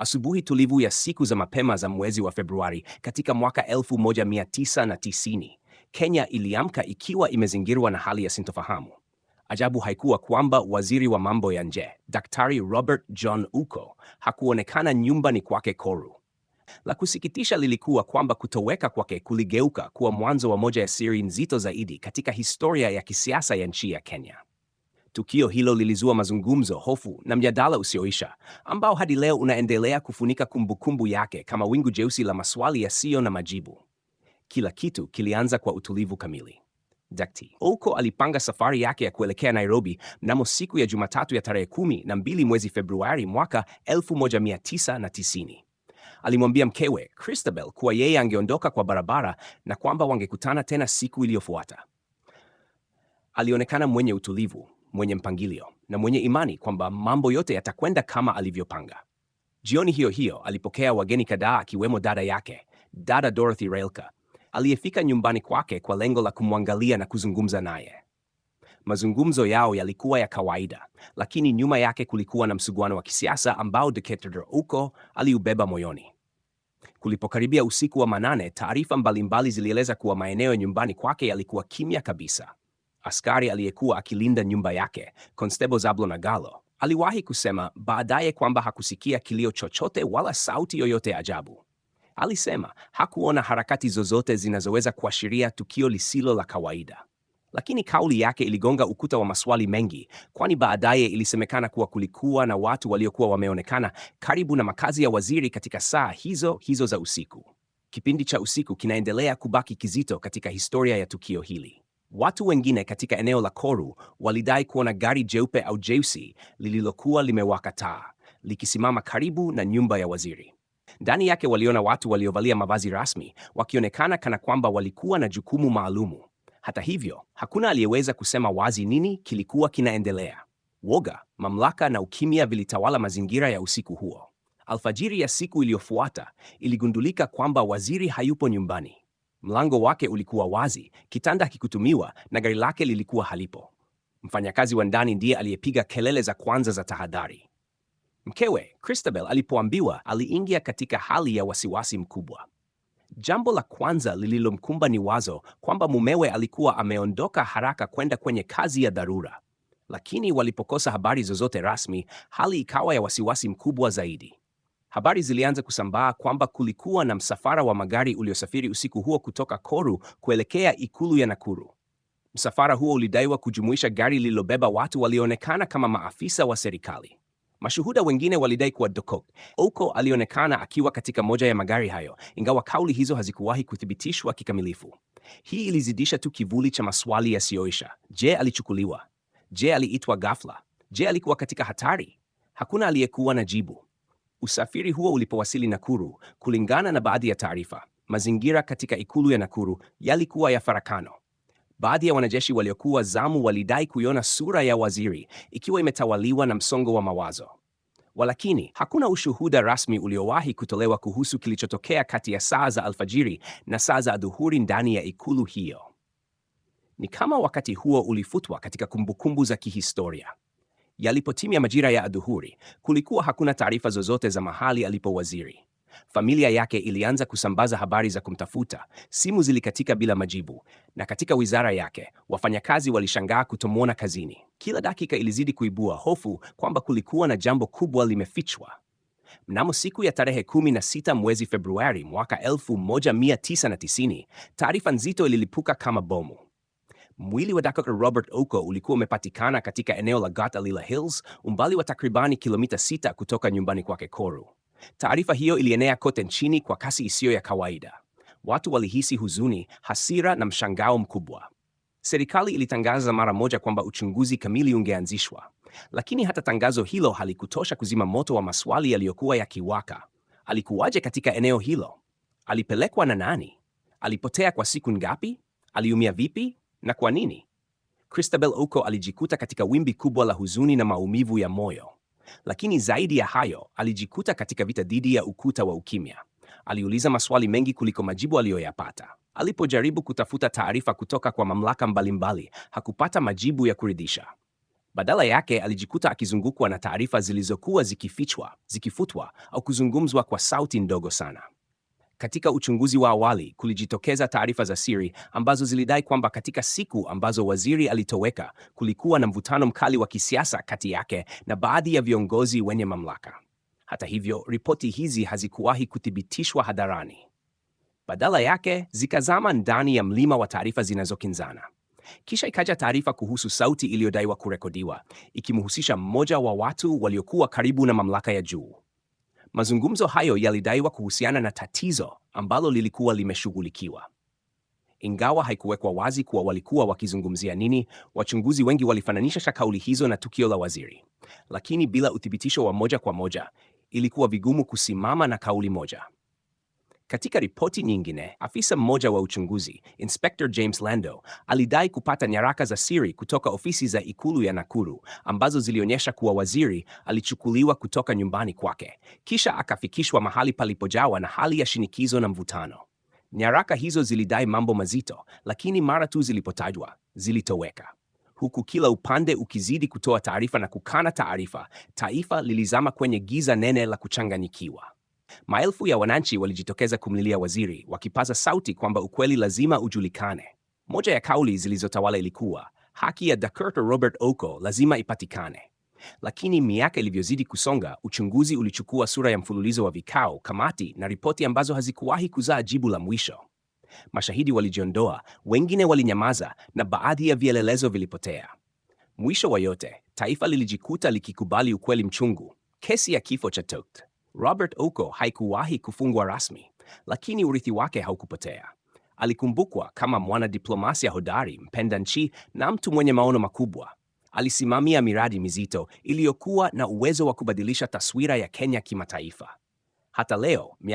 Asubuhi tulivu ya siku za mapema za mwezi wa Februari katika mwaka 1990, Kenya iliamka ikiwa imezingirwa na hali ya sintofahamu. Ajabu haikuwa kwamba waziri wa mambo ya nje Daktari Robert John Uko hakuonekana nyumbani kwake Koru. La kusikitisha lilikuwa kwamba kutoweka kwake kuligeuka kuwa mwanzo wa moja ya siri nzito zaidi katika historia ya kisiasa ya nchi ya Kenya. Tukio hilo lilizua mazungumzo, hofu na mjadala usioisha ambao hadi leo unaendelea kufunika kumbukumbu yake kama wingu jeusi la maswali yasiyo na majibu. Kila kitu kilianza kwa utulivu kamili. Dakti Ouko alipanga safari yake ya kuelekea Nairobi mnamo siku ya Jumatatu ya tarehe kumi na mbili mwezi Februari mwaka 1990. Alimwambia mkewe Christabel kuwa yeye angeondoka kwa barabara na kwamba wangekutana tena siku iliyofuata. Alionekana mwenye utulivu, mwenye mpangilio na mwenye imani kwamba mambo yote yatakwenda kama alivyopanga. Jioni hiyo hiyo alipokea wageni kadhaa, akiwemo dada yake, dada Dorothy railka aliyefika nyumbani kwake kwa lengo la kumwangalia na kuzungumza naye. Mazungumzo yao yalikuwa ya kawaida, lakini nyuma yake kulikuwa na msuguano wa kisiasa ambao Dictator uko aliubeba moyoni. Kulipokaribia usiku wa manane, taarifa mbalimbali zilieleza kuwa maeneo ya nyumbani kwake yalikuwa kimya kabisa askari aliyekuwa akilinda nyumba yake, Constable nagalo aliwahi kusema baadaye kwamba hakusikia kilio chochote wala sauti yoyote ajabu. Alisema hakuona harakati zozote zinazoweza kuashiria tukio lisilo la kawaida. Lakini kauli yake iligonga ukuta wa maswali mengi, kwani baadaye ilisemekana kuwa kulikuwa na watu waliokuwa wameonekana karibu na makazi ya waziri katika saa hizo hizo za usiku. Kipindi cha usiku kinaendelea kubaki kizito katika historia ya tukio hili. Watu wengine katika eneo la Koru walidai kuona gari jeupe au jeusi lililokuwa limewaka taa likisimama karibu na nyumba ya waziri. Ndani yake waliona watu waliovalia mavazi rasmi wakionekana kana kwamba walikuwa na jukumu maalumu. Hata hivyo, hakuna aliyeweza kusema wazi nini kilikuwa kinaendelea. Woga, mamlaka na ukimya vilitawala mazingira ya usiku huo. Alfajiri ya siku iliyofuata iligundulika kwamba waziri hayupo nyumbani. Mlango wake ulikuwa wazi, kitanda hakikutumiwa na gari lake lilikuwa halipo. Mfanyakazi wa ndani ndiye aliyepiga kelele za kwanza za tahadhari. Mkewe Christabel alipoambiwa, aliingia katika hali ya wasiwasi mkubwa. Jambo la kwanza lililomkumba ni wazo kwamba mumewe alikuwa ameondoka haraka kwenda kwenye kazi ya dharura, lakini walipokosa habari zozote rasmi, hali ikawa ya wasiwasi mkubwa zaidi. Habari zilianza kusambaa kwamba kulikuwa na msafara wa magari uliosafiri usiku huo kutoka Koru kuelekea ikulu ya Nakuru. Msafara huo ulidaiwa kujumuisha gari lililobeba watu walioonekana kama maafisa wa serikali. Mashuhuda wengine walidai kuwa Dokok uko alionekana akiwa katika moja ya magari hayo, ingawa kauli hizo hazikuwahi kuthibitishwa kikamilifu. Hii ilizidisha tu kivuli cha maswali yasiyoisha. Je, alichukuliwa? Je, aliitwa ghafla? Je, alikuwa katika hatari? Hakuna aliyekuwa na jibu. Usafiri huo ulipowasili Nakuru, kulingana na baadhi ya taarifa, mazingira katika ikulu ya Nakuru yalikuwa ya farakano. Baadhi ya wanajeshi waliokuwa zamu walidai kuiona sura ya waziri ikiwa imetawaliwa na msongo wa mawazo. Walakini, hakuna ushuhuda rasmi uliowahi kutolewa kuhusu kilichotokea kati ya saa za alfajiri na saa za adhuhuri ndani ya ikulu hiyo. Ni kama wakati huo ulifutwa katika kumbukumbu za kihistoria. Yalipotimia majira ya adhuhuri, kulikuwa hakuna taarifa zozote za mahali alipo waziri. Familia yake ilianza kusambaza habari za kumtafuta. Simu zilikatika bila majibu, na katika wizara yake wafanyakazi walishangaa kutomwona kazini. Kila dakika ilizidi kuibua hofu kwamba kulikuwa na jambo kubwa limefichwa. Mnamo siku ya tarehe 16 mwezi Februari mwaka 1990, taarifa nzito ililipuka kama bomu. Mwili wa Dr. Robert Oko ulikuwa umepatikana katika eneo la Gatalila Hills, umbali wa takribani kilomita sita kutoka nyumbani kwake Koru. Taarifa hiyo ilienea kote nchini kwa kasi isiyo ya kawaida. Watu walihisi huzuni, hasira na mshangao mkubwa. Serikali ilitangaza mara moja kwamba uchunguzi kamili ungeanzishwa, lakini hata tangazo hilo halikutosha kuzima moto wa maswali yaliyokuwa yakiwaka. Alikuwaje katika eneo hilo? Alipelekwa na nani? Alipotea kwa siku ngapi? Aliumia vipi? Na kwa nini? Christabel Oko alijikuta katika wimbi kubwa la huzuni na maumivu ya moyo, lakini zaidi ya hayo, alijikuta katika vita dhidi ya ukuta wa ukimya. Aliuliza maswali mengi kuliko majibu aliyoyapata. Alipojaribu kutafuta taarifa kutoka kwa mamlaka mbalimbali, hakupata majibu ya kuridhisha. Badala yake, alijikuta akizungukwa na taarifa zilizokuwa zikifichwa, zikifutwa au kuzungumzwa kwa sauti ndogo sana. Katika uchunguzi wa awali, kulijitokeza taarifa za siri ambazo zilidai kwamba katika siku ambazo waziri alitoweka, kulikuwa na mvutano mkali wa kisiasa kati yake na baadhi ya viongozi wenye mamlaka. Hata hivyo, ripoti hizi hazikuwahi kuthibitishwa hadharani. Badala yake, zikazama ndani ya mlima wa taarifa zinazokinzana. Kisha ikaja taarifa kuhusu sauti iliyodaiwa kurekodiwa, ikimhusisha mmoja wa watu waliokuwa karibu na mamlaka ya juu. Mazungumzo hayo yalidaiwa kuhusiana na tatizo ambalo lilikuwa limeshughulikiwa. Ingawa haikuwekwa wazi kuwa walikuwa wakizungumzia nini, wachunguzi wengi walifananisha kauli hizo na tukio la waziri. Lakini bila uthibitisho wa moja kwa moja, ilikuwa vigumu kusimama na kauli moja. Katika ripoti nyingine, afisa mmoja wa uchunguzi, Inspector James Lando, alidai kupata nyaraka za siri kutoka ofisi za ikulu ya Nakuru ambazo zilionyesha kuwa waziri alichukuliwa kutoka nyumbani kwake, kisha akafikishwa mahali palipojawa na hali ya shinikizo na mvutano. Nyaraka hizo zilidai mambo mazito, lakini mara tu zilipotajwa, zilitoweka. Huku kila upande ukizidi kutoa taarifa na kukana taarifa, taifa lilizama kwenye giza nene la kuchanganyikiwa. Maelfu ya wananchi walijitokeza kumlilia waziri, wakipaza sauti kwamba ukweli lazima ujulikane. Moja ya kauli zilizotawala ilikuwa haki ya Dr. Robert Oko lazima ipatikane. Lakini miaka ilivyozidi kusonga, uchunguzi ulichukua sura ya mfululizo wa vikao, kamati na ripoti ambazo hazikuwahi kuzaa jibu la mwisho. Mashahidi walijiondoa, wengine walinyamaza, na baadhi ya vielelezo vilipotea. Mwisho wa yote, taifa lilijikuta likikubali ukweli mchungu: kesi ya kifo cha Tokt. Robert Oko haikuwahi kufungwa rasmi, lakini urithi wake haukupotea. Alikumbukwa kama mwanadiplomasia hodari, mpenda nchi na mtu mwenye maono makubwa. Alisimamia miradi mizito iliyokuwa na uwezo wa kubadilisha taswira ya Kenya kimataifa. Hata leo